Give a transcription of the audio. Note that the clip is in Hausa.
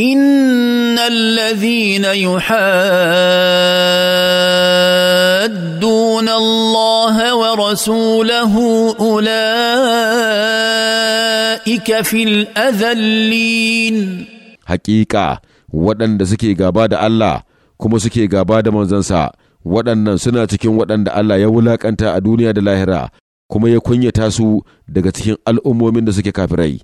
ان الذين يحادون الله ورسوله اولئك في الاذلين Haƙiƙa, waɗanda suke gaba da Allah kuma suke gaba da manzansa waɗannan suna cikin waɗanda Allah ya wulaƙanta a duniya da lahira kuma ya kunyata su daga cikin al'ummomin da suke kafirai